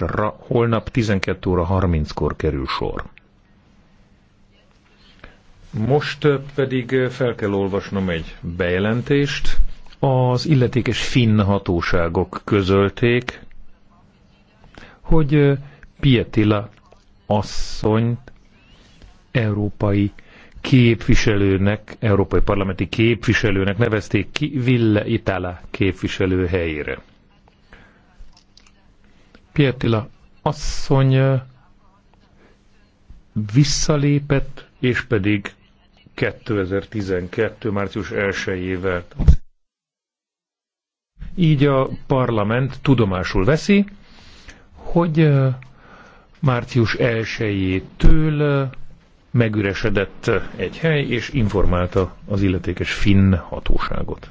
és holnap 12 óra 30-kor kerül sor. Most pedig fel kell olvasnom egy bejelentést. Az illetékes finn hatóságok közölték, hogy eh, Pietila asszony európai képviselőnek, európai parlamenti képviselőnek nevezték ki Ville Itala képviselő helyére. Pietila asszony visszalépett, és pedig 2012. március 1-ével. Így a parlament tudomásul veszi, hogy március 1-től megüresedett egy hely, és informálta az illetékes finn hatóságot.